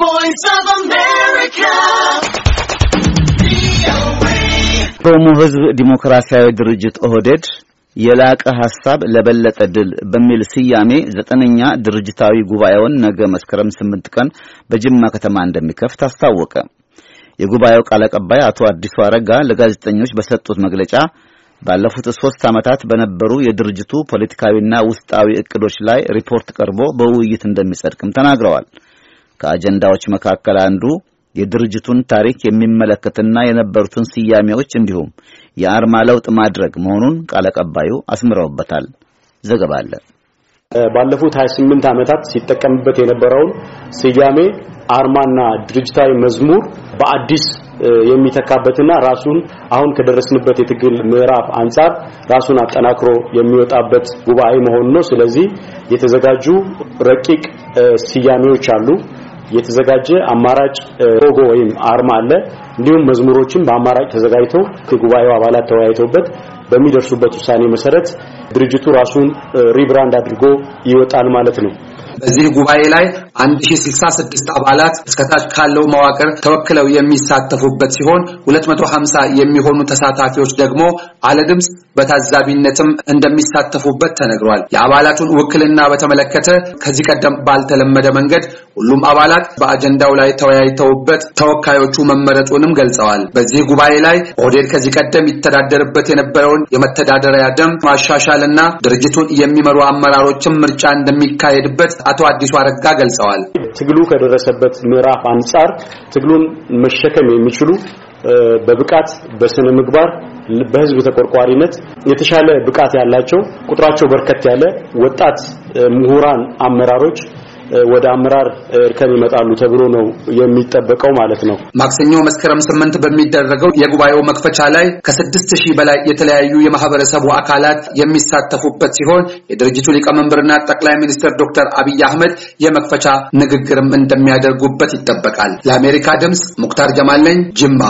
voice of America. በኦሞ ዲሞክራሲያዊ ድርጅት ኦህዴድ የላቀ ሐሳብ ለበለጠ ድል በሚል ስያሜ ዘጠነኛ ድርጅታዊ ጉባኤውን ነገ መስከረም ስምንት ቀን በጅማ ከተማ እንደሚከፍት አስታወቀ። የጉባኤው ቃል አቀባይ አቶ አዲሱ አረጋ ለጋዜጠኞች በሰጡት መግለጫ ባለፉት ሶስት ዓመታት በነበሩ የድርጅቱ ፖለቲካዊና ውስጣዊ እቅዶች ላይ ሪፖርት ቀርቦ በውይይት እንደሚጸድቅም ተናግረዋል። ከአጀንዳዎች መካከል አንዱ የድርጅቱን ታሪክ የሚመለከትና የነበሩትን ስያሜዎች እንዲሁም የአርማ ለውጥ ማድረግ መሆኑን ቃል አቀባዩ አስምረውበታል። ዘገባ አለ። ባለፉት 28 ዓመታት ሲጠቀምበት የነበረውን ስያሜ አርማና ድርጅታዊ መዝሙር በአዲስ የሚተካበትና ራሱን አሁን ከደረስንበት የትግል ምዕራፍ አንጻር ራሱን አጠናክሮ የሚወጣበት ጉባኤ መሆኑ ነው። ስለዚህ የተዘጋጁ ረቂቅ ስያሜዎች አሉ። የተዘጋጀ አማራጭ ሎጎ ወይም አርማ አለ። እንዲሁም መዝሙሮችን በአማራጭ ተዘጋጅተው የጉባኤው አባላት ተወያይተውበት በሚደርሱበት ውሳኔ መሰረት ድርጅቱ ራሱን ሪብራንድ አድርጎ ይወጣል ማለት ነው። በዚህ ጉባኤ ላይ 1066 አባላት እስከታች ካለው መዋቅር ተወክለው የሚሳተፉበት ሲሆን 250 የሚሆኑ ተሳታፊዎች ደግሞ አለድምፅ በታዛቢነትም እንደሚሳተፉበት ተነግሯል። የአባላቱን ውክልና በተመለከተ ከዚህ ቀደም ባልተለመደ መንገድ ሁሉም አባላት በአጀንዳው ላይ ተወያይተውበት ተወካዮቹ መመረጡንም ገልጸዋል። በዚህ ጉባኤ ላይ ኦህዴድ ከዚህ ቀደም ይተዳደርበት የነበረውን የመተዳደሪያ ደንብ ማሻሻልና ድርጅቱን የሚመሩ አመራሮችም ምርጫ እንደሚካሄድበት አቶ አዲሱ አረጋ ገልጸዋል። ትግሉ ከደረሰበት ምዕራፍ አንጻር ትግሉን መሸከም የሚችሉ በብቃት በስነ ምግባር በህዝብ ተቆርቋሪነት የተሻለ ብቃት ያላቸው ቁጥራቸው በርከት ያለ ወጣት ምሁራን አመራሮች ወደ አመራር እርከን ይመጣሉ ተብሎ ነው የሚጠበቀው ማለት ነው። ማክሰኞ መስከረም ስምንት በሚደረገው የጉባኤው መክፈቻ ላይ ከስድስት ሺህ በላይ የተለያዩ የማህበረሰቡ አካላት የሚሳተፉበት ሲሆን የድርጅቱ ሊቀመንበርና ጠቅላይ ሚኒስትር ዶክተር አብይ አህመድ የመክፈቻ ንግግርም እንደሚያደርጉበት ይጠበቃል። ለአሜሪካ ድምፅ ሙክታር ጀማል ነኝ ጅማ